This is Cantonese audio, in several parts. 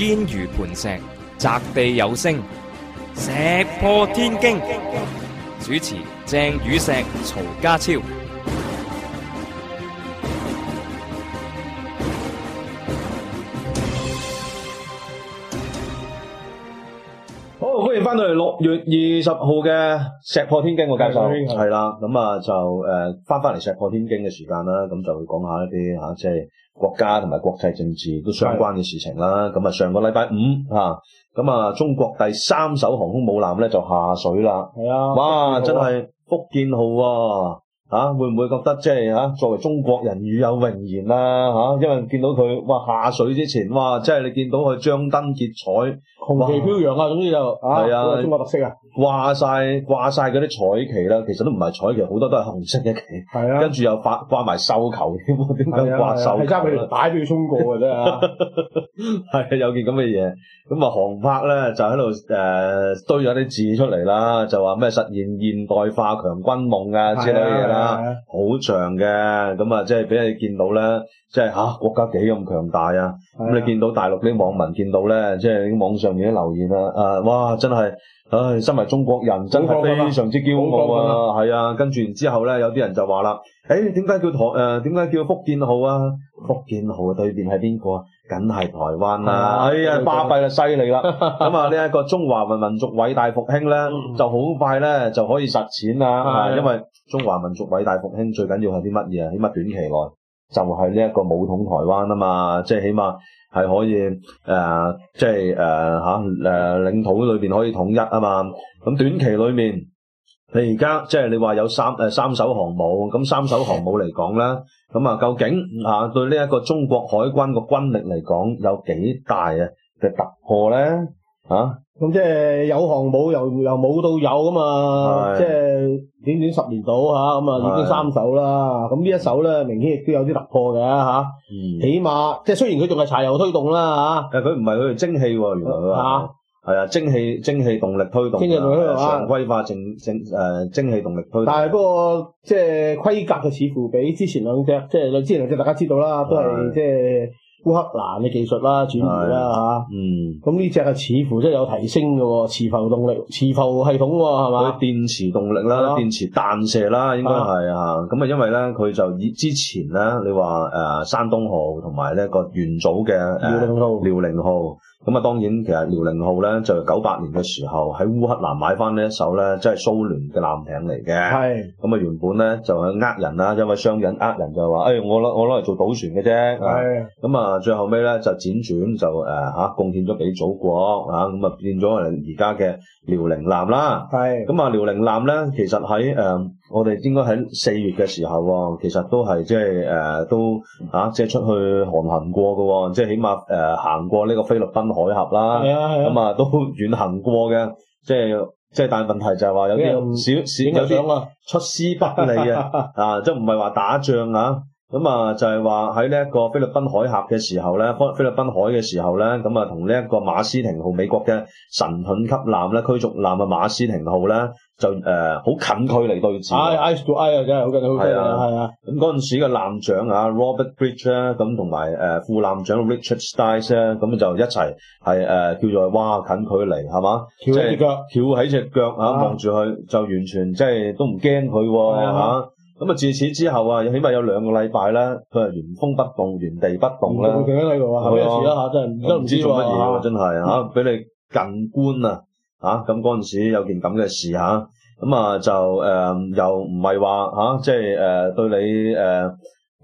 堅如磐石，擲地有聲，石破天驚。主持鄭宇碩、曹家超。好，歡迎翻到嚟六月二十號嘅《石破天驚》，我介紹係啦，咁啊就誒翻翻嚟《石破天驚》嘅 時間啦，咁就會講一下一啲吓、啊，即係，國家同埋國際政治都相關嘅事情啦，咁的啊上個禮拜五嚇，咁啊中國第三艘航空母艦咧就下水啦，係的哇啊，哇真係福建號喎嚇，會唔會覺得即係嚇作為中國人，與有榮焉啦嚇，因為見到佢哇下水之前，哇即係你見到佢張燈結彩，紅旗飄揚啊，總之就係啊，啊中國特色啊，掛晒掛晒嗰啲彩旗啦，其實都唔係彩旗，好多都係紅色嘅旗，係是啊，啊，跟住又掛掛埋繡球添，點解掛繡球？係啊，係揸住條帶俾佢沖過嘅啫，啊，係 啊，有件咁嘅嘢，咁啊航拍咧就喺度誒堆咗啲字出嚟啦，就話咩實現現代化強軍夢啊之類嘅嘢啦，好，啊啊啊，長嘅，咁啊即係俾你見到啦。即係吓國家幾咁強大啊！咁你見到大陸啲網民見到咧，即係網上面啲留言啦，誒，哇，真係，唉，身為中國人真係非常之驕傲啊！係啊，跟住然之後咧，有啲人就話啦，誒，點解叫台誒，點解叫福建號啊？福建號對面係邊個？梗係台灣啦！哎呀，巴閉就犀利啦！咁啊，呢一個中華民民族偉大復興咧，就好快咧就可以實踐啦。因為中華民族偉大復興最緊要係啲乜嘢啊？起碼短期內，就係呢一個武統台灣啊嘛，呃，即係起碼係可以誒，即係誒嚇誒領土裏邊可以統一啊嘛。咁短期裏面，就是、說你而家即係你話有三誒三艘航母，咁三艘航母嚟講咧，咁啊究竟啊對呢一個中國海軍個軍力嚟講有幾大啊嘅突破咧啊？咁即係有航母，由由冇到有咁啊！是的 即係短短十年到嚇，咁啊已經三手啦。咁是的 呢一手咧，明顯亦都有啲突破嘅嚇。啊嗯、起碼即係雖然佢仲係柴油推動啦嚇。誒、嗯，佢唔係佢係蒸汽喎，原來啊。係啊，蒸汽蒸汽動力推動啊，常規化蒸蒸誒蒸汽動力推動，啊。但係嗰個即係規格就似乎比之前兩隻，即係之前兩隻大家知道啦，都係即係。是烏克蘭嘅技術啦，啊，轉移啦，啊、吓，嗯，咁呢隻啊似乎即係有提升嘅喎，啊，磁浮動力、磁浮系統喎，啊，係嘛？佢電池動力啦，吧電池彈射啦，應該係啊。咁吧啊，因為咧佢就以之前咧，你話誒、呃、山東號同埋呢個元祖嘅遼寧號。咁啊，當然其實遼寧號咧就九八年嘅時候喺烏克蘭買翻呢一艘咧，即係蘇聯嘅艦艇嚟嘅。係咁啊，原本咧就係呃人啦，因為商人呃人就話，誒、哎，我攞我攞嚟做賭船嘅啫。係咁啊，最後尾咧就輾轉就誒吓貢獻咗俾祖國啊，咁啊變咗嚟而家嘅遼寧艦啦。係咁啊，遼寧艦咧其實喺誒。呃我哋應該喺四月嘅時候，啊，其實都係即係誒都嚇，即、啊、係、就是、出去航行過嘅，啊，即、就、係、是、起碼誒行過呢個菲律賓海峽啦。咁啊，啊都遠行過嘅，即係即係，但、就、係、是、問題就係話有啲少少有啲出師不利嘅， 啊，即係唔係話打仗啊。咁啊，就係話喺呢一個菲律賓海峽嘅時候咧，菲律賓海嘅時候咧，咁啊同呢一個馬斯廷號美國嘅神盾級艦咧，驅逐艦嘅馬斯廷號咧，就誒好近距離對峙。eye to eye 啊，真係好近，好近啊！係啊，咁嗰陣時嘅艦長啊 Robert Bridge 咧，咁同埋誒副艦長 Richard Styles 咧，咁就一齊係誒叫做哇近距離係嘛？翹隻腳，翹喺隻腳啊，望住佢就完全即係都唔驚佢吓。咁啊！自此之後啊，起碼有兩個禮拜啦，佢係原封不動、原地不動啦。停咗幾個啊？係啊！停咗一下真係都唔知做乜嘢喎，真係嚇！俾你近觀啊嚇，咁嗰陣時有件咁嘅事嚇，咁啊就誒又唔係話嚇，即係誒對你誒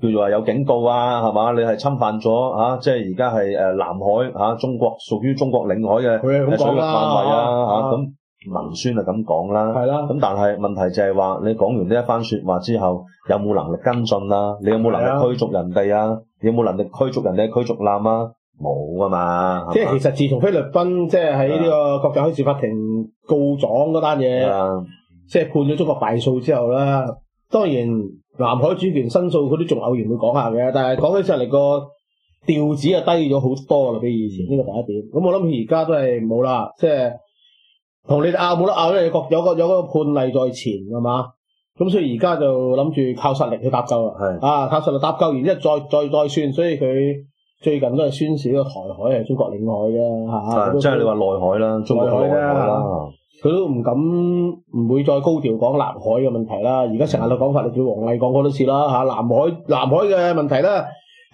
叫做話有警告啊係嘛？你係侵犯咗嚇，即係而家係誒南海嚇中國屬於中國領海嘅水域範圍啊嚇咁，文宣就咁講啦，咁的但係問題就係話你講完呢一番説話之後，有冇能力跟進啦、啊？你有冇能力驅逐人哋啊？你有冇能力驅逐人哋驅逐艦啊？冇啊嘛！即係其實自從菲律賓即係喺呢個國際海事法庭告狀嗰單嘢，即係的判咗中國敗訴之後啦。當然南海主權申訴佢都仲偶然會講下嘅，但係講起上嚟個調子就低咗好多啦，比以前呢個第一點。咁我諗而家都係冇啦，即、就、係、是。同你哋拗冇得拗啦，有個有個有個判例在前，係嘛？咁所以而家就諗住靠實力去搭救啦。係是啊，靠實力搭救，然之後再再再算。所以佢最近都係宣示呢個台海係中國領海嘅嚇。啊、即係你話內海啦，中國內海啦，佢、啊、都唔敢唔會再高調講南海嘅問題啦。而家成日都講法例，嗯、你叫王毅講好多次啦嚇、啊。南海南海嘅問題啦。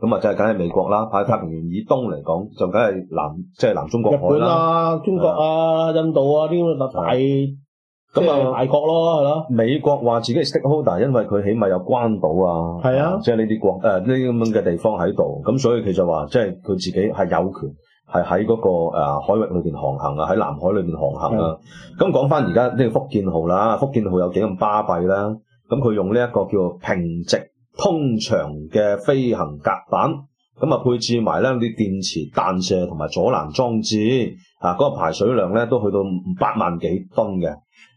咁啊，即係梗係美國啦，喺太平洋以東嚟講，就梗係南，即係南中國海啦、啊，中國啊、印度啊啲咁嘅大，咁係的大國咯、啊，係咯。美國話自己係 stakeholder，因為佢起碼有關島啊，係啊的，即係呢啲國誒呢啲咁樣嘅地方喺度，咁所以佢就話即係佢自己係有權係喺嗰個誒海域裏邊航行啊，喺南海裏邊航行啊。咁講翻而家呢個福建號啦，福建號有幾咁巴閉啦，咁佢用呢一個叫做平直。通常嘅飛行甲板咁啊，配置埋咧啲電磁彈射同埋阻攔裝置，啊嗰個排水量咧都去到八萬幾噸嘅，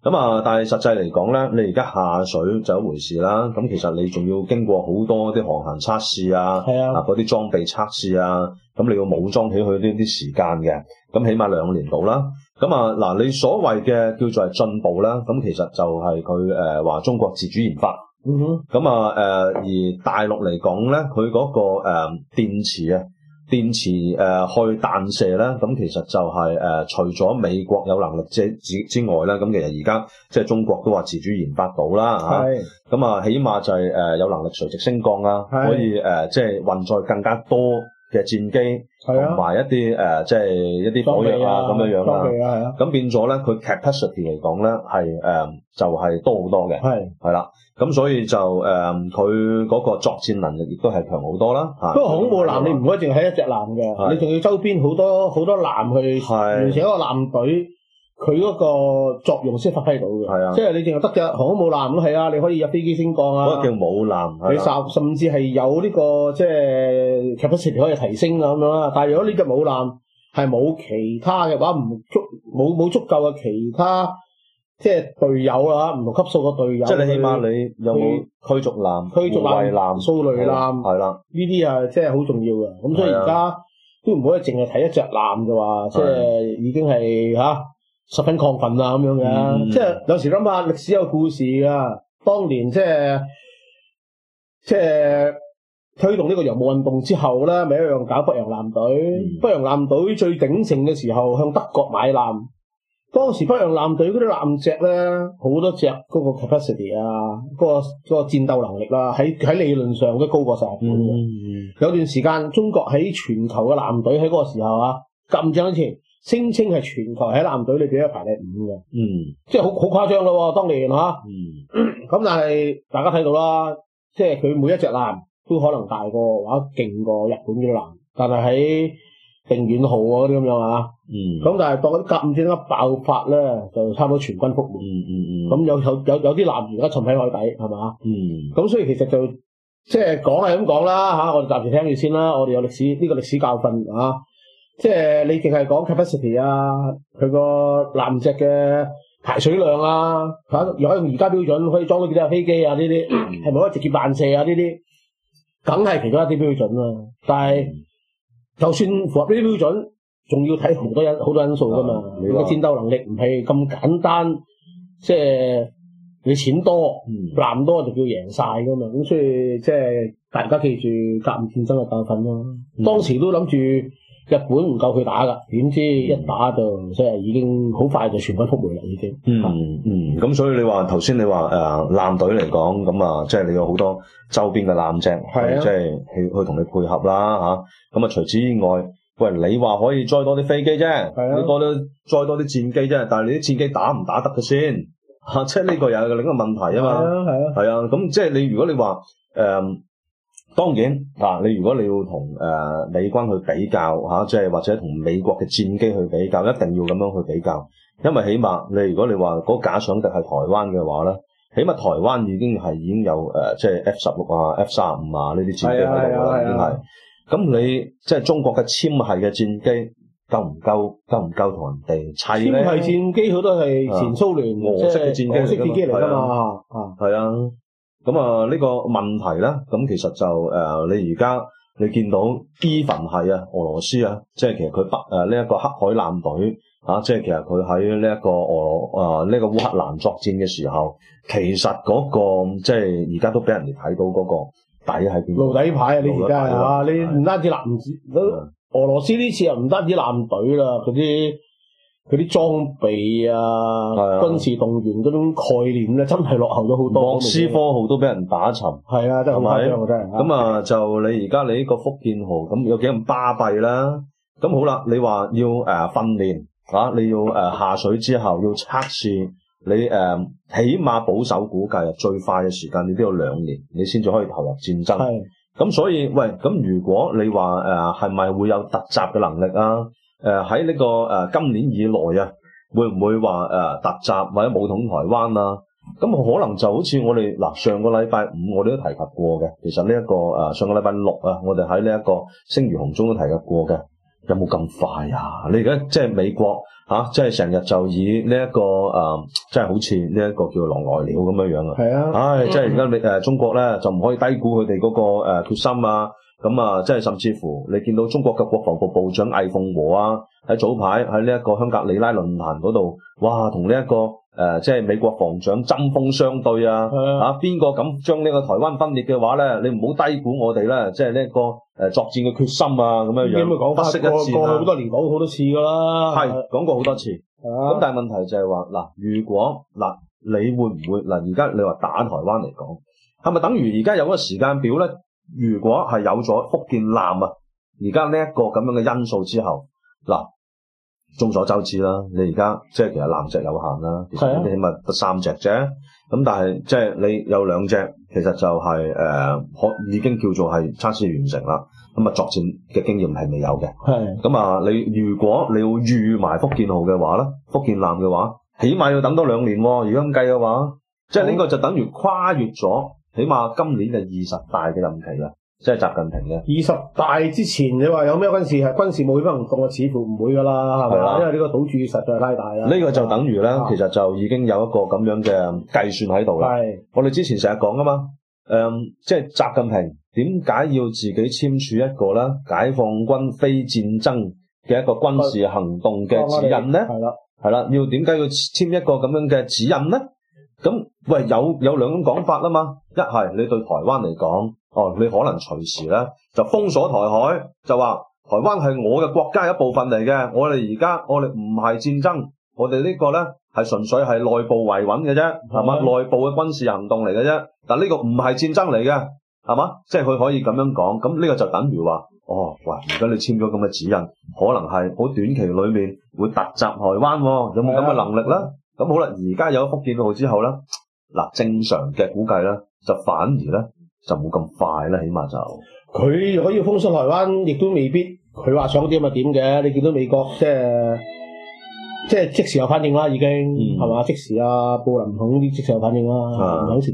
咁啊，但係實際嚟講咧，你而家下水就一回事啦。咁其實你仲要經過好多啲航行測試啊，啊嗰啲裝備測試啊，咁你要武裝起去呢啲時間嘅，咁起碼兩年到啦。咁啊嗱，你所謂嘅叫做係進步啦，咁其實就係佢誒話中國自主研發。嗯哼，咁啊、uh，誒、huh.，而大陸嚟講咧，佢嗰個誒電池啊，電池誒去彈射咧，咁其實就係誒除咗美國有能力之之之外咧，咁其實而家即係中國都話自主研發到啦，係是，咁啊，起碼就係誒有能力垂直升降啊，是可以誒即係運載更加多。嘅戰機同埋一啲誒、呃，即係一啲火藥啊咁樣樣啦。咁、啊啊、變咗咧，佢 capacity 嚟講咧係誒、呃，就係、是、多好多嘅。係係啦，咁、啊、所以就誒，佢、呃、嗰個作戰能力亦都係強好多啦。嚇！不過恐怖男你唔可以淨係一隻艦嘅，啊、你仲要周邊好多好多艦去形成、啊、一個艦隊。佢嗰個作用先發揮到嘅，即係你淨係得隻航空母艦咯，係啊，你可以入飛機升降啊。嗰個叫母艦，你甚甚至係有呢個即係 capacity 可以提升咁樣啦。但係如果呢隻母艦係冇其他嘅話，唔足冇冇足夠嘅其他即係隊友啦，唔同級數嘅隊友。即係你起碼你有冇驅逐艦、護衛艦、掃雷艦，呢啲啊，即係好重要嘅。咁所以而家都唔可以淨係睇一隻艦嘅話，即係已經係吓。十分亢奮啊咁樣嘅，嗯、即係有時諗下歷史有故事噶。當年即係即係推動呢個洋務運動之後咧，咪一樣搞北洋艦隊。嗯、北洋艦隊最鼎盛嘅時候，向德國買艦。當時北洋艦隊嗰啲艦隻咧，好多隻嗰、嗰個 capacity 啊，嗰個嗰個戰鬥能力啦，喺喺理論上都高過日本。有段時間，中國喺全球嘅艦隊喺嗰個時候啊，咁將前。聲稱係全球喺艦隊裏邊一排第五嘅，嗯，即係好好誇張咯喎，當年吓，嗯，咁但係大家睇到啦，即係佢每一隻艦都可能大過，或者，勁過日本啲艦，但係喺定遠號嗰啲咁樣啊。嗯，咁但係當嗰啲甲午戰一爆發咧，就差唔多全軍覆沒，嗯嗯嗯，咁有有有有啲艦員而家沉喺海底係嘛？嗯，咁、嗯、所以其實就即係講係咁講啦嚇，我哋暫時聽住先啦，我哋有歷史呢、這個歷史教訓嚇。啊。即係你淨係講 capacity 啊，佢個艦隻嘅排水量啊，吓又可以用而家標準可以裝到幾多架飛機啊？呢啲係咪可以直接彈射啊？呢啲梗係其中一啲標準啦，啊。但係就算符合呢啲標準，仲要睇好多因好多因素噶嘛。你個戰鬥能力唔係咁簡單，即係你錢多、嗯、艦多就叫贏晒噶嘛。咁所以即係大家記住甲午戰爭嘅教訓咯。當時都諗住。日本唔夠佢打噶，點知一打就即係已經好快就全軍覆沒啦已經。嗯嗯，咁所以你話頭先你話誒、呃、艦隊嚟講，咁啊即係你有好多周邊嘅艦隻，即係、啊就是、去去同你配合啦嚇。咁啊除此之外，喂你話可以載多啲飛機啫，啊、你多咗載多啲戰機啫，但係你啲戰機打唔打得嘅先嚇？即係呢個又係另一個問題啊嘛。係啊係啊，係啊咁即係你如果你話誒、呃當然嗱，你如果你要同誒、呃、美軍去比較嚇，即、啊、係或者同美國嘅戰機去比較，一定要咁樣去比較，因為起碼你如果你話嗰假想敵係台灣嘅話咧，起碼台灣已經係已經有誒、呃、即係 F 十六啊、F 三五啊呢啲戰機喺度嘅啦，咁、啊啊啊啊、你即係中國嘅殲系嘅戰機夠唔夠？夠唔夠同人哋砌咧？殲系戰機佢都係前蘇聯模、啊、式嘅戰機嚟噶嘛？係啊。啊。咁啊，呢個問題啦，咁其實就誒、呃，你而家你見到伊凡係啊，俄羅斯、呃這個、啊，即係其實佢北誒呢一個黑海艦隊啊，即係其實佢喺呢一個俄啊呢、呃這個烏克蘭作戰嘅時候，其實嗰、那個即係而家都俾人哋睇到嗰個底喺邊？露底牌啊！你而家次啊，啊啊你唔單止艦唔俄羅斯呢次又唔單止艦隊啦，嗰啲。佢啲裝備啊，啊軍事動員嗰種概念咧，真係落後咗好多。莫斯科號都俾人打沉，係啊，真係咁咁啊，嗯、就你而家你呢個福建號咁有幾咁巴閉啦？咁好啦，你話要誒訓練啊，你要誒、呃、下水之後要測試，你誒、呃、起碼保守估計最快嘅時間，你都要兩年，你先至可以投入戰爭。咁、啊、所以喂，咁如果你話誒係咪會有突襲嘅能力啊？誒喺呢個誒、呃、今年以來啊，會唔會話誒、呃、突襲或者武統台灣啊？咁可能就好似我哋嗱、呃、上個禮拜五我哋都提及過嘅，其實呢、這、一個誒、呃、上個禮拜六啊，我哋喺呢一個星如紅中都提及過嘅，有冇咁快啊？你而家即係美國嚇、啊，即係成日就以呢、這、一個誒、啊，即係好似呢一個叫狼來了咁樣樣啊！係啊，唉，嗯、即係而家你誒、呃、中國咧就唔可以低估佢哋嗰個誒決心啊！啊啊啊咁啊，即係甚至乎你見到中國嘅國防部部長魏鳳和啊，喺早排喺呢一個香格里拉論壇嗰度，哇，同呢一個誒、呃、即係美國防長針鋒相對啊，嚇，邊個敢將呢個台灣分裂嘅話咧？你唔好低估我哋啦，即係呢一個誒、呃、作戰嘅決心啊，咁樣樣。咁樣講次是？過過好多年講好多次噶啦，係講過好多次。咁是、啊、但係問題就係話嗱，如果嗱你會唔會嗱而家你話打台灣嚟講，係咪等於而家有嗰個時間表咧？如果係有咗福建艦啊，而家呢一個咁樣嘅因素之後，嗱，眾所周知啦，你而家即係其實艦隻有限啦，其實你起碼得三隻啫。咁但係即係你有兩隻，其實就係、是、誒，可、呃、已經叫做係測試完成啦。咁、嗯、啊，作戰嘅經驗係未有嘅。係。咁啊，你如果你要預埋福建號嘅話咧，福建艦嘅話，起碼要等多兩年。如果咁計嘅話，好即係呢個就等於跨越咗。起碼今年就二十大嘅任期啦，即係習近平嘅。二十大之前你話有咩軍事係軍事冇可能行動，似乎唔會噶啦，係咪啊？因為呢個賭注實在太大啦。呢個就等於咧，其實就已經有一個咁樣嘅計算喺度啦。係我哋之前成日講噶嘛，誒，即係習近平點解要自己簽署一個咧解放軍非戰爭嘅一個軍事行動嘅指引咧？係啦，係啦，要點解要簽一個咁樣嘅指引咧？咁喂，有有兩種講法啦嘛，一係你對台灣嚟講，哦，你可能隨時咧就封鎖台海，就話台灣係我嘅國家一部分嚟嘅，我哋而家我哋唔係戰爭，我哋呢個咧係純粹係內部維穩嘅啫，係嘛？內部嘅軍事行動嚟嘅啫，但呢個唔係戰爭嚟嘅，係嘛？即係佢可以咁樣講，咁呢個就等於話，哦，喂，而家你簽咗咁嘅指引，可能係好短期裏面會突襲台灣，啊，有冇咁嘅能力咧？咁好啦，而家有福建艦之後咧，嗱正常嘅估計咧，就反而咧就冇咁快咧，起碼就佢可以封鎖台灣，亦都未必佢話想點就點嘅。你見到美國即係即係即時有反應啦，已經係嘛、嗯？即時啊，布林肯啲即時有反應啦，唔係、嗯、好即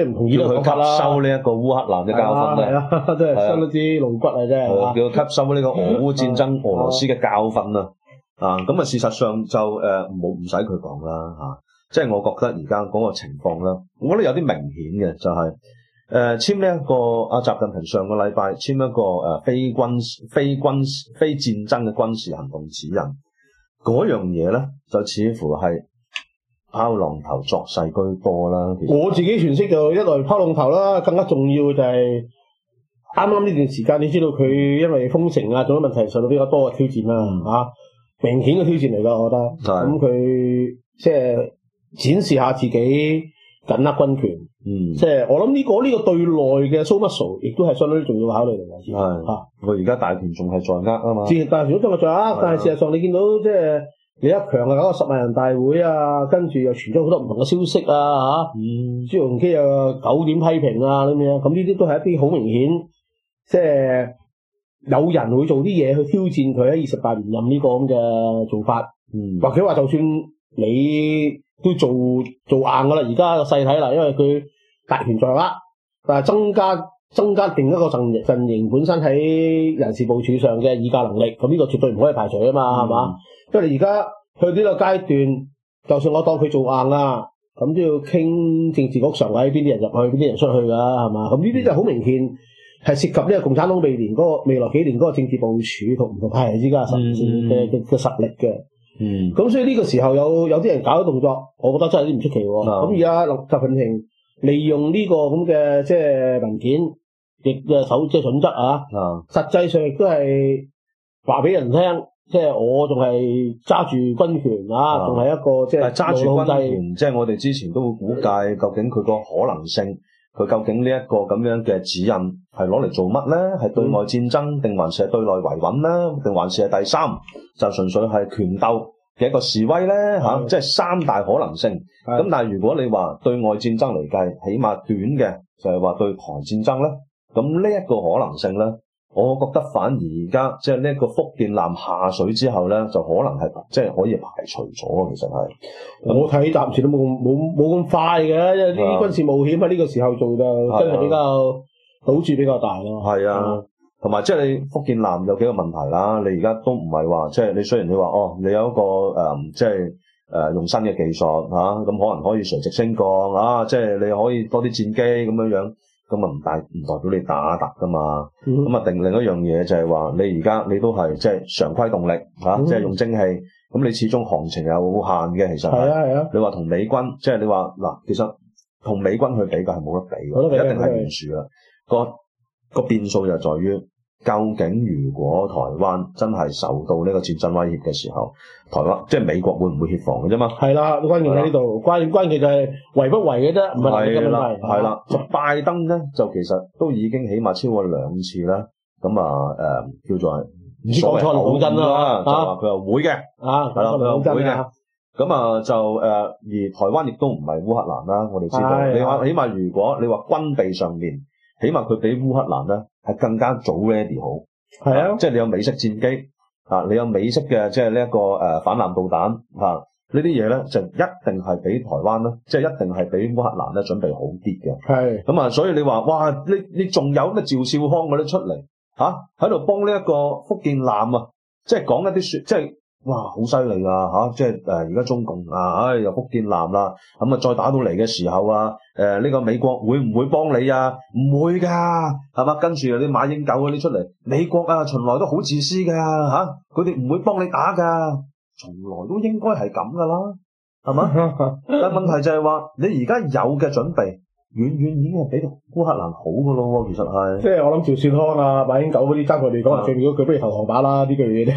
係唔同意都講吸收呢一個烏克蘭嘅教訓咧，真係收咗支龍骨啊，啫、啊，係叫、啊啊、吸收呢個俄烏戰爭、啊、俄羅斯嘅教訓啊！啊，咁啊，事實上就誒，冇唔使佢講啦吓，即係我覺得而家嗰個情況啦，我覺得有啲明顯嘅就係、是、誒、呃、簽呢一個阿、啊、習近平上個禮拜簽一個誒、呃、非軍事非軍事非戰爭嘅軍事行動指引嗰樣嘢咧，就似乎係拋浪頭作勢居多啦。我自己詮釋就一來拋浪頭啦，更加重要就係啱啱呢段時間，你知道佢因為封城啊，種種問題受到比較多嘅挑戰啦，啊。明顯嘅挑戰嚟㗎，我覺得。咁佢即係展示下自己緊握軍權，即係、嗯就是、我諗呢、這個呢、這個對內嘅 so much so 亦都係相當重要考慮嚟嘅。係的。嚇、啊！我而家大權仲係在握啊嘛。大權都仲係在握，的但係事實上你見到即係、就是、李克強啊搞個十萬人大會啊，跟住又傳咗好多唔同嘅消息啊嚇，朱鎔基又九點批評啊啲咩，咁呢啲都係一啲好明顯即係。有人會做啲嘢去挑戰佢喺二十八連任呢個咁嘅做法，嗯、或者話就算你都做做硬㗎啦，而家個細睇啦，因為佢大權在握，但係增加增加另一個陣陣營本身喺人事部署上嘅議價能力，咁呢個絕對唔可以排除啊嘛，係嘛、嗯？因為而家去呢個階段，就算我當佢做硬啊，咁都要傾政治局常委邊啲人入去，邊啲人出去㗎，係嘛？咁呢啲就好明顯。係涉及呢個共產黨未年嗰個未來幾年嗰個政治部署同唔同係依家實嘅嘅實力嘅。嗯。咁所以呢個時候有有啲人搞啲動作，我覺得真係有啲唔出奇喎。咁、嗯、而家習近平利用呢個咁嘅即係文件，亦嘅手即係準則啊。啊、嗯。實際上亦都係話俾人聽，即係我仲係揸住軍權啊，仲係一個即係揸住軍權。即係我哋之前都會估計究竟佢個可能性。佢究竟呢一個咁樣嘅指引係攞嚟做乜咧？係對外戰爭定還是係對內維穩咧？定還是係第三就純粹係權鬥嘅一個示威咧？嚇的，即係三大可能性。咁的但係如果你話對外戰爭嚟計，起碼短嘅就係話對台戰爭咧。咁呢一個可能性咧？我覺得反而而家即係呢個福建艦下水之後咧，就可能係即係可以排除咗。其實係，嗯、我睇暫時都冇冇冇咁快嘅，因為呢啲軍事冒險喺呢個時候做就真係比較賭注、啊、比較大咯。係啊，同埋、啊、即係你福建艦有幾個問題啦。你而家都唔係話即係你雖然你話哦，你有一個誒、嗯、即係誒、呃、用新嘅技術嚇，咁、啊、可能可以垂直升降嚇、啊，即係你可以多啲戰機咁樣樣。咁啊唔代唔代表你打突㗎嘛，咁啊定另一樣嘢就係話你而家你都係即係常規動力吓，即係、嗯啊就是、用蒸汽，咁你始終行情有限嘅其實。係啊，係啊，你話同美軍即係你話嗱，其實同、啊啊、美軍去、就是、比，比，比較係冇得比，一定係懸殊㗎，的嗰個、嗰個變數就在於。究竟如果台灣真係受到呢個戰爭威脅嘅時候，台灣即係美國會唔會協防嘅啫嘛？係啦，關鍵喺呢度，關鍵關鍵就係維不維嘅啫，唔係咁樣係啦。就拜登咧，就其實都已經起碼超過兩次啦。咁啊，誒，叫做唔知講錯腦筋啦，就話佢又會嘅，係啦，佢又會嘅。咁啊，就誒，而台灣亦都唔係烏克蘭啦，我哋知道，你話起碼如果你話軍備上面。起碼佢比烏克蘭咧係更加早 ready 好，係啊的，即係你有美式戰機啊，你有美式嘅即係呢一個誒反艦導彈嚇呢啲嘢咧，就一定係比台灣咧，即係一定係比烏克蘭咧準備好啲嘅。係的，咁啊，所以你話哇，你你仲有咩趙少康嗰啲出嚟嚇，喺度幫呢一個福建艦啊，即係講一啲説，即係。哇，好犀利啊！嚇、啊，即係誒而家中共啊，唉又福建艦啦、啊，咁啊再打到嚟嘅時候啊，誒、啊、呢、這個美國會唔會幫你啊？唔會㗎，係嘛？跟住啲馬英九嗰、啊、啲出嚟，美國啊從來都好自私㗎嚇、啊，佢哋唔會幫你打㗎，從來都應該係咁㗎啦，係嘛？ 但係問題就係話你而家有嘅準備。遠遠已經係比到烏克蘭好噶咯喎，其實係。即係我諗趙少康啊、馬英九嗰啲爭佢哋講最屘，佢的不如投降馬啦呢句嘢啫。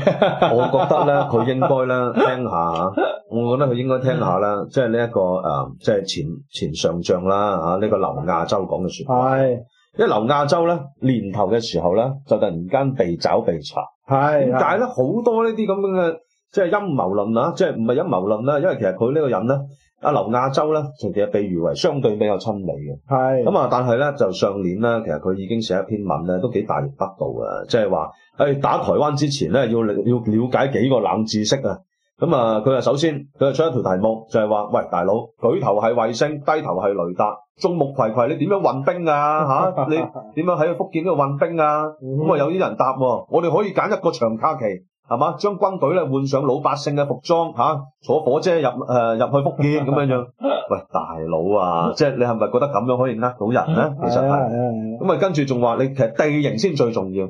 我覺得咧，佢 應該咧聽下，我覺得佢應該聽下啦。即係呢一個誒、呃，即係前前上將啦嚇，呢、啊這個劉亞洲講嘅說話。係的，因為劉亞洲咧年頭嘅時候咧，就突然間被抓被查。係的。但係咧好多呢啲咁嘅即係陰謀論啊，即係唔係陰謀論啦，因為其實佢呢個人咧。阿劉亞洲咧，其實被譽為相對比較親美嘅，係咁啊！但係咧就上年咧，其實佢已經寫一篇文咧，都幾大逆不道啊！即係話，誒、欸，打台灣之前咧，要要了解幾個冷知識啊！咁、嗯、啊，佢話首先，佢就出一條題目就係話，喂大佬，舉頭係衛星，低頭係雷達，眾目睽睽，你點樣運兵啊？吓，你點樣喺福建度運兵啊？咁啊、 嗯哼，有啲人答我哋可以揀一個長假期。係嘛？將軍隊咧換上老百姓嘅服裝，嚇坐火車入誒入去福建咁樣樣。 喂，大佬啊，即係你係咪覺得咁樣可以呃到人咧？ 其實係咁啊，跟住仲話你其實地形先最重要。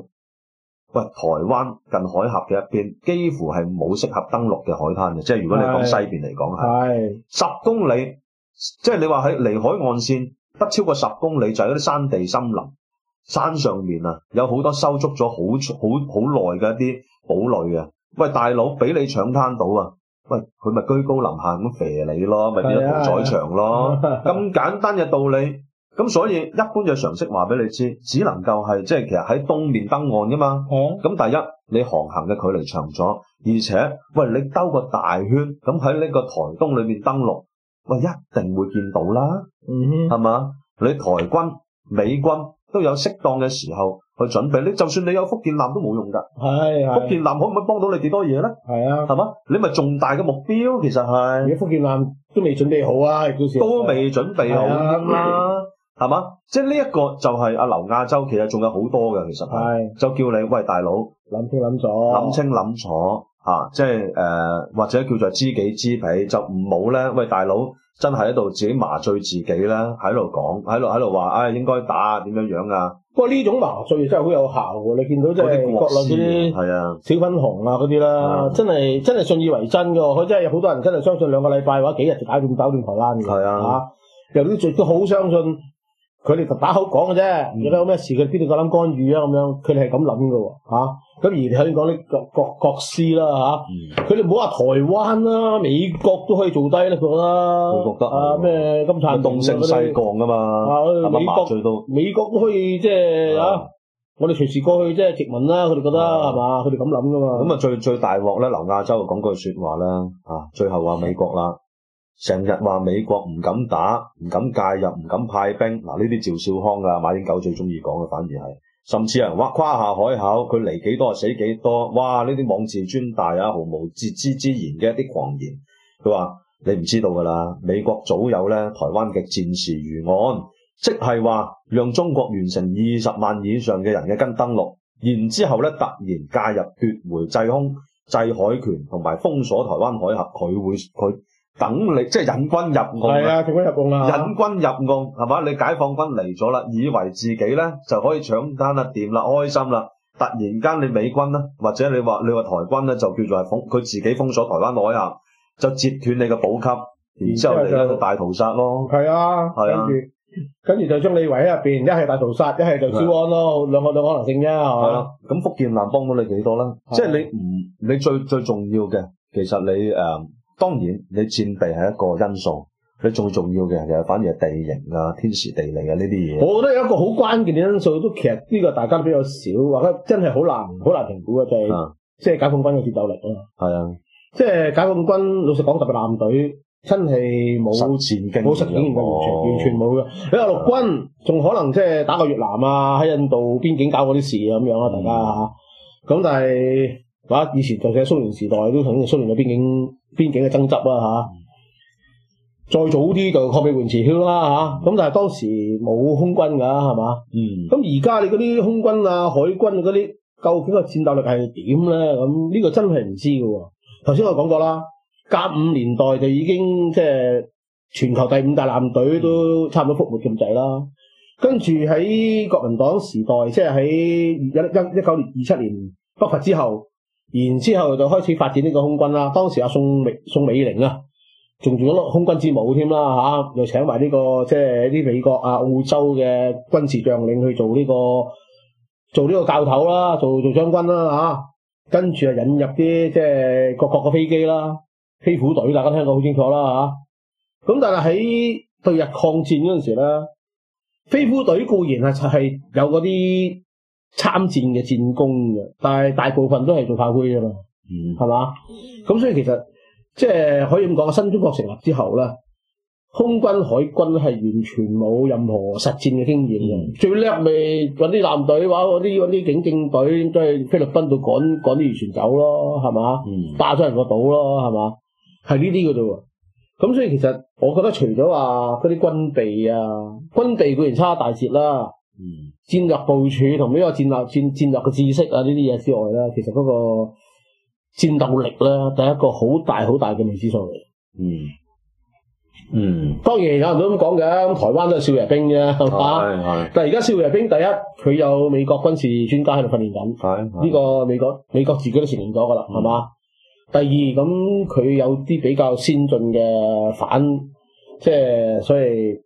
喂，台灣近海峽嘅一邊幾乎係冇適合登陸嘅海灘嘅，即係如果你講西邊嚟講係十公里，即係你話喺離海岸線不超過十公里就係嗰啲山地森林。山上面啊，有好多收足咗好好好耐嘅一啲堡壘啊，喂，大佬俾你搶灘到啊？喂，佢咪居高臨下咁肥你咯，咪變咗屠宰場咯。咁簡單嘅道理，咁所以一般嘅常識話俾你知，只能夠係即係，其實喺東面登岸㗎嘛。咁第一你航行嘅距離長咗，而且喂你兜個大圈，咁喺呢個台東裏面登陸，喂一定會見到啦。係嘛，你台軍、美軍。都有適當嘅時候去準備，你就算你有福建艦都冇用噶。係，福建艦可唔可以幫到你幾多嘢咧？係啊，係嘛？你咪重大嘅目標其實係。你福建艦都未準備好啊，到時都未準備好啦，係嘛？即係呢一個就係阿劉亞洲，其實仲有好多嘅，其實係就叫你喂大佬諗清諗楚，諗清諗楚吓，即係誒或者叫做知己知彼就唔好咧，喂大佬。真係喺度自己麻醉自己啦，喺度講，喺度喺度話，唉、哎，應該打，點樣樣啊？不過呢種麻醉真係好有效喎，你見到即係嗰啲國內啲小粉紅啊嗰啲啦，啊、真係、啊、真係信以為真嘅，佢真係有好多人真係相信兩個禮拜或者幾日就搞掂，搞掂台灣嘅，係啊，有啲都好相信。佢哋就把口講嘅啫，嗯、有咩事佢邊度夠膽干預啊？咁、啊、樣，佢哋係咁諗嘅喎，吓咁而向住講啲各，各、啊啊、國國師啦，吓佢哋唔好話台灣啦，美國都可以做低啦，佢覺得啊咩金產，佢東升西降噶嘛，啊美國都可以即係吓，我哋隨時過去即係殖民啦、啊，佢哋覺得係嘛，佢哋咁諗噶嘛。咁啊、嗯、最最大鑊咧，劉亞洲就講句說話啦，啊最後話美國啦。嗯成日話美國唔敢打，唔敢介入，唔敢派兵嗱，呢啲趙少康啊、馬英九最中意講嘅，反而係甚至有人挖誇下海口，佢嚟幾多死幾多，哇！呢啲妄自尊大啊，毫無自知之言嘅一啲狂言。佢話你唔知道噶啦，美國早有咧台灣嘅戰時預案，即係話讓中國完成二十萬以上嘅人嘅跟登陸，然之後咧突然介入奪回制空、制海權同埋封鎖台灣海峽，佢會佢。等你即係引軍入甕，係啊，引軍入甕，引軍入甕，係嘛？你解放軍嚟咗啦，以為自己咧就可以搶單啦，掂啦，開心啦。突然間，你美軍咧，或者你話你話台軍咧，就叫做係封佢自己封鎖台灣海峽，就截斷你嘅補給，然之後嚟一個大屠殺咯。係啊，跟住跟住就將你圍喺入邊，一係大屠殺，一係就燒案咯，兩個兩可能性啫，係咁福建艦幫到你幾多咧？即係你唔，你最最重要嘅，其實你誒。當然，你戰備係一個因素，你最重要嘅就係反而係地形啊、天時地利啊呢啲嘢。我覺得有一個好關鍵嘅因素，都其實呢個大家都比較少或者真係好難好難評估嘅，就係即係解放軍嘅戰鬥力啊。係啊，即係解放軍，老實講，特別艦隊真係冇前勁，冇實踐完全冇嘅。你話陸軍仲、啊、可能即係打過越南啊，喺印度邊境搞過啲事咁樣啦，大家嚇。咁、啊嗯、但係話以前就算喺蘇聯時代都肯定蘇聯嘅邊境，邊境嘅爭執啦嚇，啊嗯、再早啲就抗美援朝啦嚇，咁、啊啊、但係當時冇空軍噶係嘛？嗯，咁而家你嗰啲空軍啊、海軍嗰啲，究竟個戰鬥力係點咧？咁、啊、呢、這個真係唔知嘅喎、啊。頭先我講過啦，甲午年代就已經即係、就是、全球第五大艦隊都差唔多覆沒咁滯啦，跟住喺國民黨時代，即係喺一一一九年二七年北伐之後。然之後就開始發展呢個空軍啦。當時阿宋美宋美齡啊，仲做咗空軍之母添啦嚇，又請埋呢、這個即係啲美國啊、澳洲嘅軍事將領去做呢、這個做呢個教頭啦，做做將軍啦嚇。跟住啊，就引入啲即係各國嘅飛機啦，飛虎隊大家聽過好清楚啦嚇。咁、啊、但係喺對日抗戰嗰陣時咧，飛虎隊固然係就係有嗰啲。參戰嘅戰功嘅，但係大部分都係做炮灰啫嘛，係嘛、嗯？咁所以其實即係可以咁講，新中國成立之後咧，空軍海軍係完全冇任何實戰嘅經驗嘅，嗯、最叻咪搵啲艦隊，話嗰啲嗰啲警政隊都係菲律賓度趕趕啲漁船走咯，係嘛？霸咗、嗯、人個島咯，係嘛？係呢啲噶咋？咁所以其實我覺得除咗話嗰啲軍備啊，軍備固然差大截啦。嗯，戰略部署同呢個戰略戰戰略嘅知識啊，呢啲嘢之外咧，其實嗰個戰鬥力咧，第一個好大好大嘅未知數嚟、嗯。嗯嗯，當然有人都咁講嘅，台灣都係少爺兵啫，係嘛？係係。但係而家少爺兵，第一佢有美國軍事專家喺度訓練緊，係呢個美國美國自己都承認咗噶啦，係嘛吧？嗯、第二咁佢有啲比較先進嘅反，即係所以。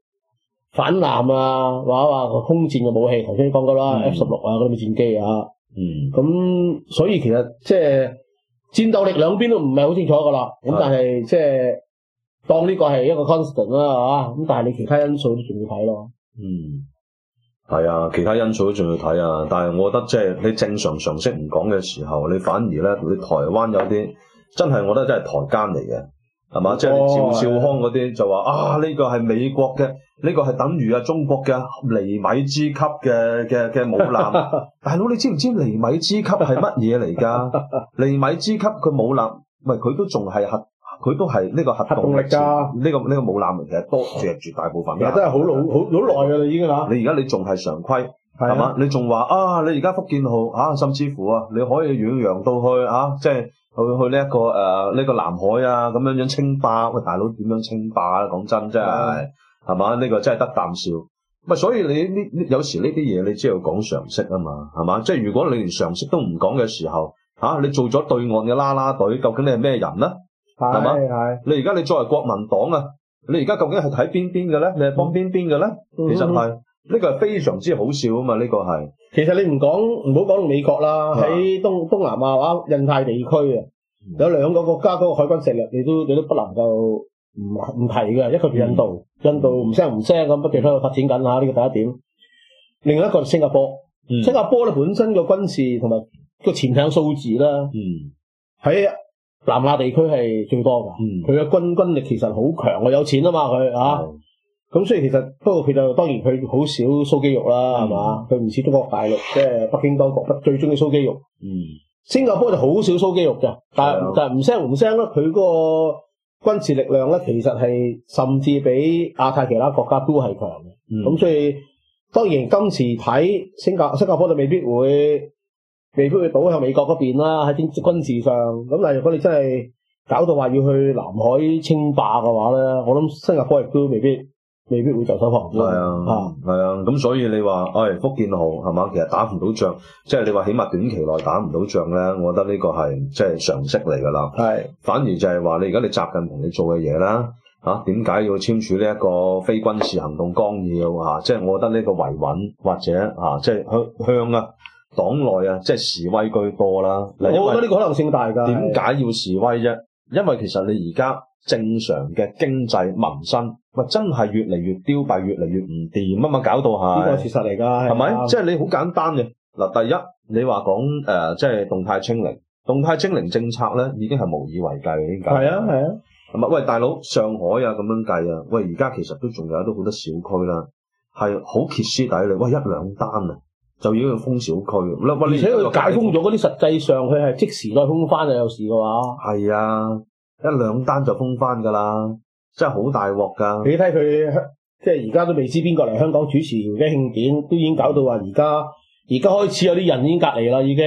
反艦啊，話話個空戰嘅武器，頭先講過啦，F 十六啊，嗰啲戰機啊，咁所以其實即係戰鬥力兩邊都唔係好清楚嘅啦。咁但係是即係當呢個係一個 constant 啦、啊，嚇咁但係你其他因素都仲要睇咯。嗯，係啊，其他因素都仲要睇啊。但係我覺得即係你正常常識唔講嘅時候，你反而咧，你台灣有啲真係，我覺得真係台奸嚟嘅。係嘛？即係趙少康嗰啲就話啊，呢、這個係美國嘅，呢、這個係等於啊中國嘅尼米茲級嘅嘅嘅母艦。 大佬，你知唔知尼米茲級係乜嘢嚟噶？尼 米茲級佢母艦，係佢都仲係核，佢都係呢個核動力噶。呢、啊這個呢、這個母艦其實多，其實絕大部分、啊。而家真係好老好好耐噶啦，已經啦。你而家你仲係常規。係嘛？你仲話啊？你而家福建號啊，甚至乎啊，你可以遠洋到去啊，即係去去呢、這、一個誒呢、呃這個南海啊咁樣樣稱霸喂，大佬點樣稱霸啊？講真真係係嘛？呢是的、這個真係得啖笑。咪所以你呢？有時呢啲嘢，你只有講常識啊嘛？係嘛？即係如果你連常識都唔講嘅時候，吓、啊、你做咗對岸嘅啦啦隊，究竟你係咩人咧？係嘛？你而家你作為國民黨啊，你而家究竟係睇邊邊嘅咧？你係幫邊邊嘅咧？其實係。呢個係非常之好笑啊嘛！呢個係，其實你唔講，唔好講美國啦，喺的東東南亞哇，印太地區啊，嗯、有兩個國家嗰個海軍實力，你都你都不能夠唔唔提噶。一個係印度，嗯、印度唔聲唔聲咁，不斷喺度發展緊啊！呢、呢個第一點。另一個係新加坡，嗯、新加坡咧本身個軍事同埋個潛艇數字啦，喺、嗯、南亞地區係最多噶。佢嘅、嗯、軍軍力其實好強，我有錢啊嘛，佢啊。的咁所以其實不過佢就當然佢好少蘇肌肉啦，係嘛吧？佢唔似中國大陸，即係北京當國最中意蘇肌肉。嗯。新加坡就好少蘇肌肉嘅，但係吧但係唔聲唔聲啦。佢嗰個軍事力量咧，其實係甚至比亞太其他國家都係強嘅。咁、嗯、所以當然今時睇新加坡，新加坡就未必會未必會倒向美國嗰邊啦，喺軍事上。咁但係如果你真係搞到話要去南海稱霸嘅話咧，我諗新加坡亦都未必。未必會走開房係啊，係啊，咁、啊、所以你話，誒、哎，福建號係嘛，其實打唔到仗，即係你話起碼短期內打唔到仗咧，我覺得呢個係即係常識嚟噶啦。係是，反而就係話你而家你習近平你做嘅嘢啦，吓點解要簽署呢一個非軍事行動綱要啊？即係我覺得呢個維穩或者啊，即係向向啊黨內啊，即係示威居多啦。是我覺得呢個可能性大噶。點解是要示威啫？因為其實你而家。正常嘅經濟民生，咪真係越嚟越凋敝，越嚟越唔掂啊嘛！搞到下呢個事實嚟噶，係咪吧？是的 即係你好簡單嘅嗱，第一你話講誒，即係動態清零，動態清零政策咧已經係無以為繼啦，點解的？係啊係啊，係咪？喂，大佬上海啊咁樣計啊，喂而家其實都仲有都好多小區啦，係好歇斯底里，喂一兩單啊就已經要封小區，咁而且佢解封咗嗰啲，實際上佢係即時再封翻啊，有時嘅話係啊。的一兩單就封翻㗎啦，真係好大鑊㗎！你睇佢即係而家都未知邊個嚟香港主持嘅慶典，都已經搞到話而家而家開始有啲人已經隔離啦，已經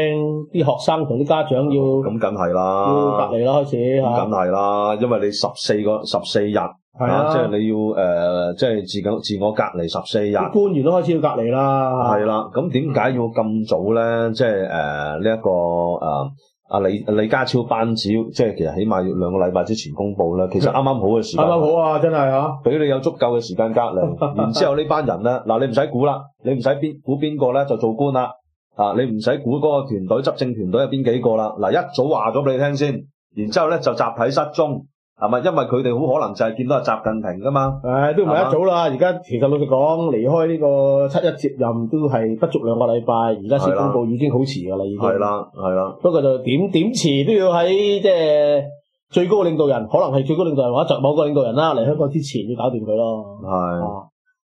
啲學生同啲家長要咁梗係啦，要隔離啦開始梗係啦，因為你十四個十四日，係啊，啊，即係你要誒、呃，即係自己自我隔離十四日。官員都開始要隔離啦，係啦、嗯。咁點解要咁早咧？即係誒呢一個誒。呃呃阿李李家超班子，即係其實起碼要兩個禮拜之前公布啦。其實啱啱好嘅時間，啱啱好啊，真係吓，俾你有足夠嘅時間隔離。 然之後呢班人咧，嗱你唔使估啦，你唔使邊估邊個咧就做官啦啊！你唔使估嗰個團隊執政團隊有邊幾個啦。嗱，一早話咗俾你聽先，然之後咧就集體失蹤。係咪？因為佢哋好可能就係見到阿習近平噶嘛？誒、哎，都唔係一早啦。而家吧其實老實講，離開呢個七一接任都係不足兩個禮拜。而家先公布已經好遲噶啦，的已經係啦，係啦。不過就點點遲都要喺即係最高嘅領導人，可能係最高領導人或者某個領導人啦嚟香港之前要搞掂佢咯。係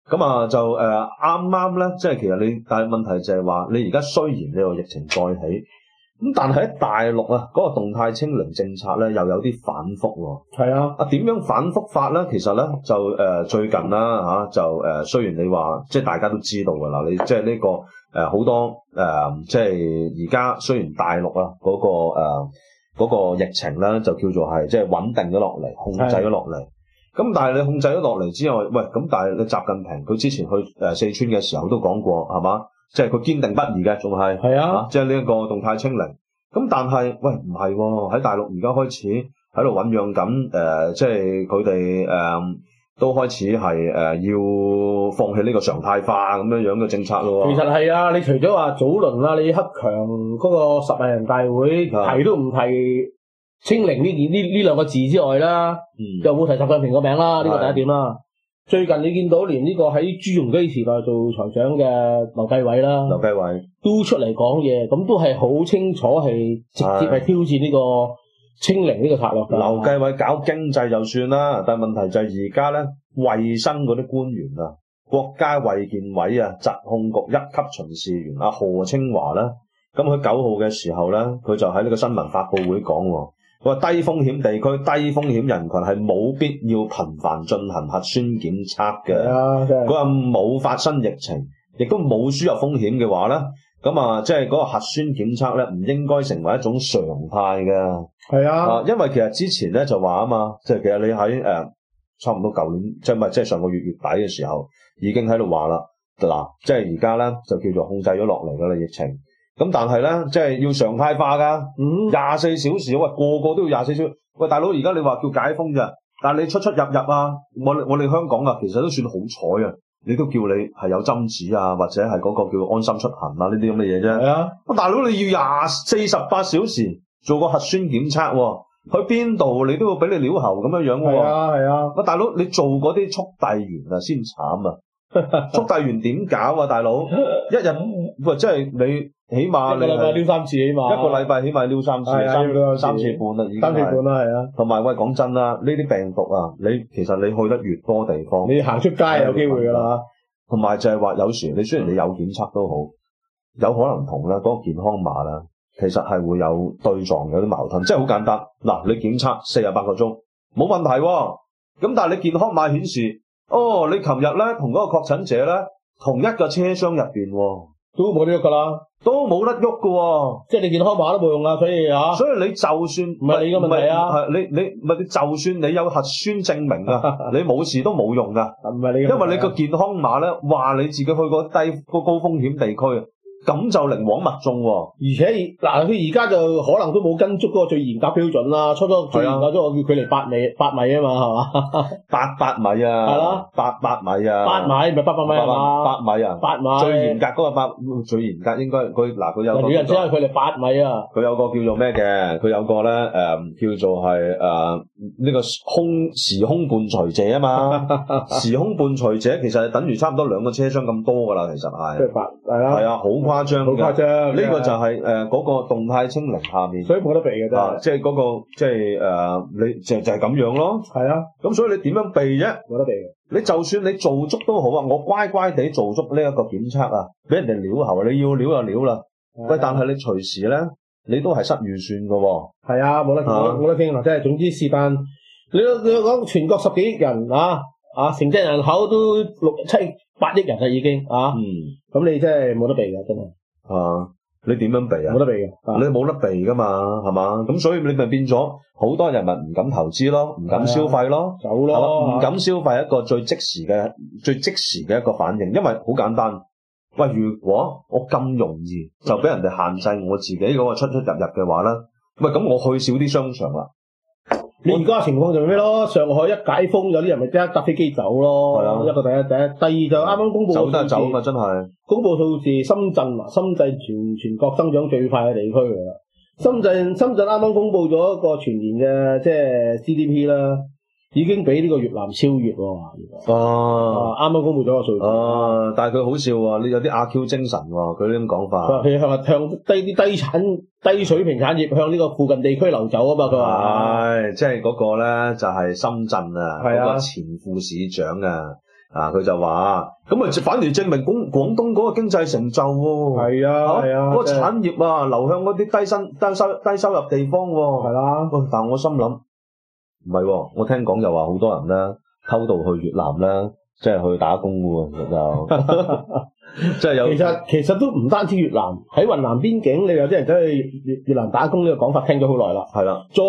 咁啊，哦、就誒啱啱咧，即、呃、係其實你，但係問題就係話你而家雖然你個疫情再起。咁但係喺大陸啊，嗰個動態清零政策咧，又有啲反覆喎。係啊，啊點樣反覆法咧？其實咧就誒最近啦吓，就誒雖然你話即係大家都知道噶啦，你即係呢個誒好多誒即係而家雖然大陸啊嗰個誒嗰個疫情咧就叫做係即係穩定咗落嚟，控制咗落嚟。咁但係你控制咗落嚟之後，喂咁但係你習近平佢之前去誒四川嘅時候都講過，係嘛？即係佢堅定不移嘅，仲係係啊，即係呢一個動態清零。咁但係喂，唔係喎，喺大陸而家開始喺度醞釀緊誒，即係佢哋誒都開始係誒要放棄呢個常態化咁樣樣嘅政策咯。其實係啊，你除咗話早輪啊，李克強嗰個十萬人大會是、啊、提都唔提清零呢件呢呢兩個字之外啦，嗯、又冇提習近平個名啦，呢、這個第一點啦。是啊最近你見到連呢個喺朱鎔基時代做財長嘅劉繼偉啦，劉繼偉都出嚟講嘢，咁都係好清楚係直接係挑戰呢個清零呢個策略。劉繼偉搞經濟就算啦，但係問題就係而家呢衛生嗰啲官員啊，國家衛健委啊，疾控局一級巡視員阿何清華啦，咁佢九號嘅時候呢，佢就喺呢個新聞發布會講。佢話低風險地區、低風險人群係冇必要頻繁進行核酸檢測嘅。佢話冇發生疫情，亦都冇輸入風險嘅話咧，咁啊，即係嗰個核酸檢測咧，唔應該成為一種常態嘅。係啊的，因為其實之前咧就話啊嘛，即係其實你喺誒差唔多舊年，即係唔係即係上個月月底嘅時候已經喺度話啦，嗱，即係而家咧就叫做控制咗落嚟啦，疫情。咁但係咧，即係要常態化噶，廿四、嗯、小時喂、哎、個個都要廿四小時。喂大佬，而家你話叫解封咋？但係你出出入入啊，我我哋香港啊，其實都算好彩啊。你都叫你係有針紙啊，或者係嗰個叫，叫安心出行啊呢啲咁嘅嘢啫。係啊，我、啊、大佬你要廿四十八小時做個核酸檢測、啊，去邊度你都要俾你撩喉咁樣樣嘅。係啊係啊，我、啊啊啊、大佬你做嗰啲速遞員啊，先慘啊！ 速遞員點搞啊？大佬一日喂即係你。起碼一個禮拜撩三次，起碼一個禮拜起碼撩三次，個禮拜三次三次半啦，已經三次半啦，係啊。同埋喂，講真啦，呢啲病毒啊，你其實你去得越多地方，你行出街有機會噶啦。同埋就係話，有時你雖然你有檢測都好，有可能同啦嗰個健康碼啦，其實係會有對撞有啲矛盾。即係好簡單，嗱，你檢測四十八個鐘冇問題喎，咁但係你健康碼顯示，哦，你琴日咧同嗰個確診者咧同一個車廂入邊。都冇得喐噶啦，都冇得喐噶喎。即係你健康碼都冇用喇，所以啊，所以你就算唔係你嘅問題啊，你你，你就算你有核酸證明啊， 你冇事都冇用噶。的啊、因為你個健康碼呢，話你自己去過低高風險地區。咁就靈往密種喎，而且嗱佢而家就可能都冇跟足嗰個最嚴格標準啦，差唔多最嚴格都話叫佢離八米八米啊嘛，係嘛？八百米啊，係啦，八百米啊，八米咪八百米係嘛？八米啊，八米。最嚴格嗰個八，最嚴格應該佢嗱佢有個。女人只係佢哋八米啊。佢有個叫做咩嘅，佢有個咧誒、呃、叫做係誒呢個空時空伴隨者啊嘛， 時空伴隨者其實等於差唔多兩個車廂咁多㗎啦，其實係。即係八係啦。係啊，好的。的誇張㗎，呢個就係誒嗰個動態清零下面，所以冇得避嘅啫、啊。即係嗰個，即係誒，你、呃、就就係咁樣咯。係啊，咁所以你點樣避啫？冇得避。你就算你做足都好啊，我乖乖地做足呢一個檢測啊，俾人哋撩喉啊。你要撩就撩啦。喂，是的 但係你隨時咧，你都係失預算嘅喎。係啊，冇得冇的得傾啦。即係的總之，試問你你講全國十幾億人啊？啊，城鎮人口都六七八億人啦，已經啊，咁、嗯、你真係冇得避嘅，真係啊，你點樣避啊？冇得避嘅，你冇得避噶嘛，係嘛？咁所以你咪變咗好多人咪唔敢投資咯，唔敢消費咯，哎、呀吧走咯，唔吧敢消費一個最即時嘅、的最即時嘅一個反應，因為好簡單。喂，如果我咁容易就俾人哋限制我自己嗰個出出入入嘅話咧，喂，咁我去少啲商場啦。你而家情況就係咩咯？上海一解封，有啲人咪即刻搭飛機走咯。係啊。一個第一第一，第二就啱啱公布個數字。走都係走㗎，真係。公布數字，深圳啊，深圳全全國增長最快嘅地區嚟啦。深圳深圳啱啱公布咗一個全年嘅即係 GDP 啦。已經俾呢個越南超越喎，哦，啱啱公布咗個數據，哦，但係佢好笑喎，你有啲阿 Q 精神喎，佢呢咁講法，佢係咪向低啲低產低水平產業向呢個附近地區流走啊嘛，佢話，係，即係嗰個咧就係深圳啊，嗰個前副市長啊，啊，佢就話，咁啊反而證明廣廣東嗰個經濟成就喎，係啊係啊，嗰個產業啊流向嗰啲低薪低收低收入地方喎，係啦，但我心諗。唔係喎，我聽講又話好多人啦，偷渡去越南啦，即係去打工嘅喎， 就即係有其，其實其實都唔單止越南，喺雲南邊境，你有啲人走去越越南打工呢個講法聽咗好耐啦。係啦的，再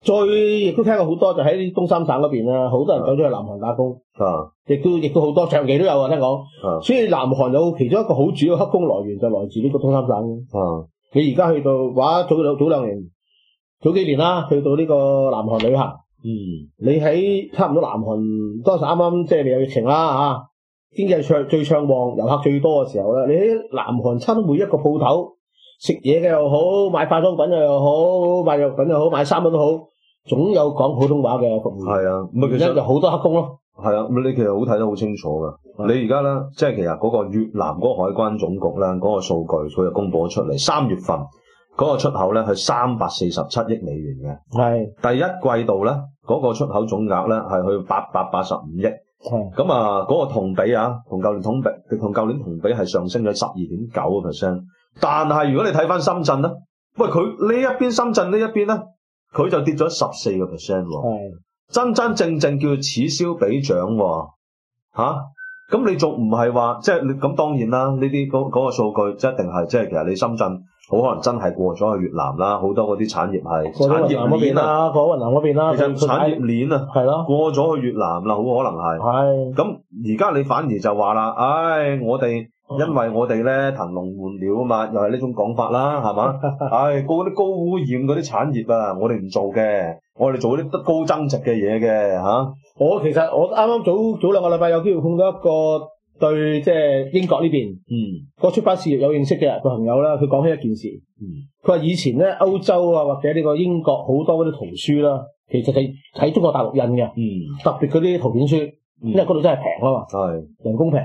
再亦都聽過好多，就喺東三省嗰邊啦，好多人走咗去南韓打工。啊的，亦都亦都好多長期都有啊，聽講。的所以南韓有其中一個好主要黑工來源就來自呢個東三省。啊的，你而家去到話早早兩年，早幾年啦，去到呢個南韓旅，旅行。嗯，你喺差唔多南韓，多時啱啱即係未有疫情啦吓、啊，經濟暢最暢旺，遊客最多嘅時候咧，你喺南韓差唔多每一個鋪頭、嗯、食嘢嘅又好，買化妝品又好，買藥品又好，買衫都好，總有講普通話嘅服務。係啊，咁其實就好多黑工咯。係啊，咁、啊、你其實好睇得好清楚噶。啊、你而家咧，即係其實嗰個越南嗰個海關總局咧，嗰、那個數據佢又公布咗出嚟，三月份。嗰個出口咧係三百四十七億美元嘅，係第一季度咧嗰個出口總額咧係去八百八十五億，係咁啊嗰個同比啊，同舊年同比同舊年同比係上升咗十二點九個 percent，但係如果你睇翻深圳咧，喂佢呢一邊深圳呢一邊咧，佢就跌咗十四個 percent，係真真正正叫此消彼長喎、啊，吓、啊、咁你仲唔係話即係咁當然啦，呢啲嗰嗰個數據即一定係即係其實你深圳。好可能真係過咗去越南啦，好多嗰啲產業係產業鏈啦、啊啊，過雲南嗰邊啦、啊，其實產業鏈啊，係咯，過咗去越南啦，好可能係。係的。咁而家你反而就話啦，唉，我哋因為我哋咧騰籠換鳥啊嘛，又係呢種講法啦，係嘛？ 唉，過嗰啲高污染嗰啲產業啊，我哋唔做嘅，我哋做嗰啲高增值嘅嘢嘅嚇。啊、我其實我啱啱早早兩個禮拜有機會碰到一個。對，即係英國呢邊個、嗯、出版社有認識嘅個朋友啦，佢講起一件事，佢話、嗯、以前咧歐洲啊或者呢個英國好多嗰啲圖書啦，其實係喺中國大陸印嘅，嗯、特別嗰啲圖片書，嗯、因為嗰度真係平啊嘛，嗯、人工平。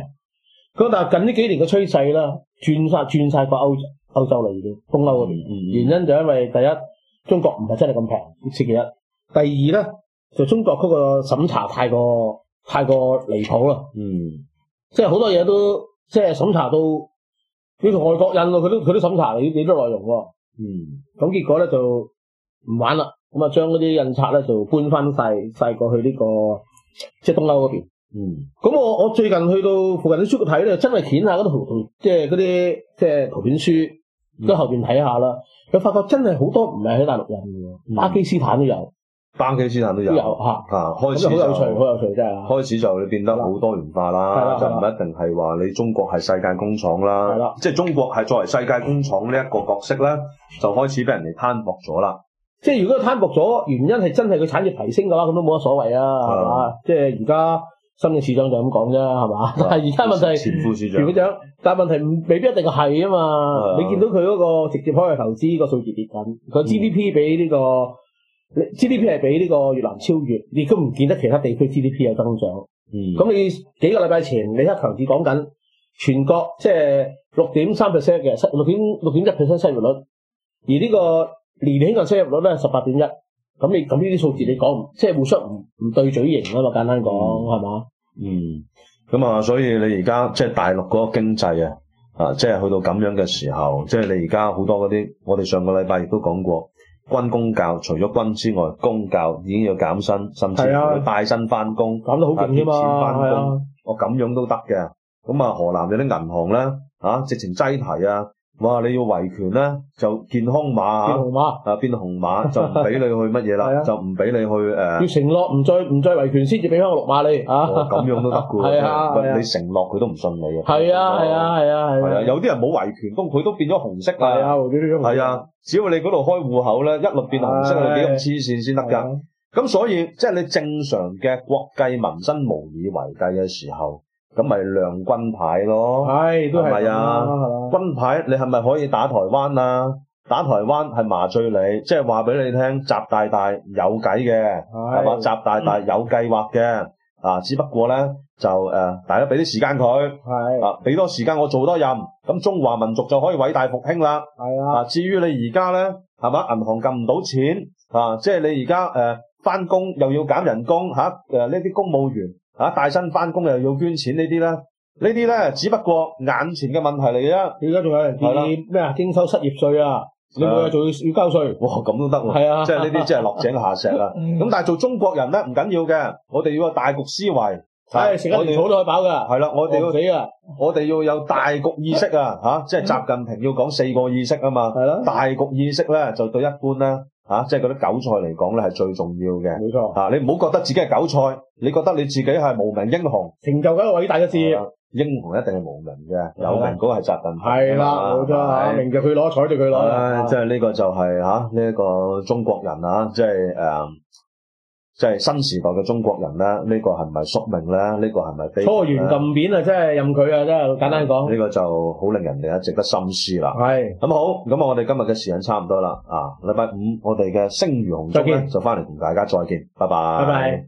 咁但係近呢幾年嘅趨勢啦，轉晒轉晒過歐歐洲啦，已經東歐嗰邊。嗯、原因就因為第一中國唔係真係咁平，先其一。第二咧就是、中國嗰個審查太過太過離譜啦。嗯。即係好多嘢都，即係審查到你同外國印咯，佢都佢都審查你啲啲內容喎。嗯。咁結果咧就唔玩啦，咁啊將嗰啲印刷咧就搬翻曬曬過去呢個即係東歐嗰邊。嗯。咁我我最近去到附近啲書店咧，真係攣下嗰啲圖圖，即係嗰啲即係圖片書，跟後邊睇下啦。佢、嗯、發覺真係好多唔係喺大陸印嘅，巴、嗯、基斯坦都有。巴基斯坦都有嚇，啊開始有趣，好有趣，真係。開始就你變得好多元化啦，就唔一定係話你中國係世界工廠啦，係啦，即係中國係作為世界工廠呢一個角色咧，就開始俾人哋攤薄咗啦。即係如果攤薄咗，原因係真係佢產業提升嘅話，咁都冇乜所謂啊，係嘛？即係而家新嘅市長就咁講啫，係嘛？但係而家問題係前副市長，但係問題未必一定係啊嘛。你見到佢嗰個直接開去投資個數字跌緊，佢 GDP 俾呢個。你 GDP 係俾呢個越南超越，亦都唔見得其他地區 GDP 有增長。嗯，咁你幾個禮拜前你都強子講緊全國即係六點三 percent 嘅、六點六點一 percent 失業率，而呢個年輕嘅失業率咧係十八點一，咁你咁呢啲數字你講即係互相唔唔對嘴型啊嘛，簡單講係嘛？嗯，咁啊，所以你而家即係大陸嗰個經濟啊，啊，即係去到咁樣嘅時候，即係你而家好多嗰啲，我哋上個禮拜亦都講過。軍公教除咗軍之外，公教已經要減薪，甚至要帶薪返工，減、啊、得好勁啊嘛！啊我咁樣都得嘅，咁啊，河南有啲銀行咧，啊，直情擠提啊！哇！你要維權咧，就健康碼啊，變紅碼啊，變紅碼就唔俾你去乜嘢啦，就唔俾你去誒。要承諾唔再唔再維權先至俾翻個綠碼你啊，咁樣都得噶。係啊，你承諾佢都唔信你。係啊係啊係啊係啊，有啲人冇維權，都佢都變咗紅色噶。係啊，只要你嗰度開戶口咧，一律變紅色，你幾咁黐綫先得噶。咁所以即係你正常嘅國際民生無以為繼嘅時候。咁咪亮軍牌咯，係都係啊！啊，軍牌你係咪可以打台灣啊？打台灣係麻醉你，即係話俾你聽，習大大有計嘅，係嘛的？吧習大大有計劃嘅，啊，只不過咧就誒、呃，大家俾啲時間佢，係的啊，俾多時間我做多任，咁中華民族就可以偉大復興啦，係的啊。啊，至於你而家咧，係嘛？銀行撳唔到錢，啊，即係你而家誒返工又要減人工吓，誒呢啲公務員。啊，帶薪翻工又要捐錢呢啲啦，呢啲咧只不過眼前嘅問題嚟嘅。而家仲有人建議咩啊，徵收失業稅啊，你每日仲要要交稅？哇，咁都得喎，即係呢啲即係落井下石啦。咁但係做中國人咧，唔緊要嘅，我哋要有大局思維。係，我哋好耐跑㗎。係啦，我哋要，我哋要有大局意識啊，嚇，即係習近平要講四個意識啊嘛。係咯。大局意識咧，就對一般啦。啊，即係嗰啲韭菜嚟講咧，係最重要嘅。冇錯，啊，你唔好覺得自己係韭菜，你覺得你自己係無名英雄，成就緊一個偉大嘅事業，啊。英雄一定係無名嘅，的有名嗰個係習近平。係啦，冇錯的的啊，名就佢攞，彩就佢攞。即係呢個就係吓呢一個中國人啊，即係誒。Uh, 即係新時代嘅中國人啦，呢、這個係咪宿命咧？這個、是是呢個係咪？搓圓撳扁啊，真係任佢啊，真係簡單講。呢、這個就好令人哋啊，值得深思啦。係咁對好，咁啊，我哋今日嘅時間差唔多啦。啊，禮拜五我哋嘅聲如洪鐘咧，見就翻嚟同大家再見，拜拜。拜拜。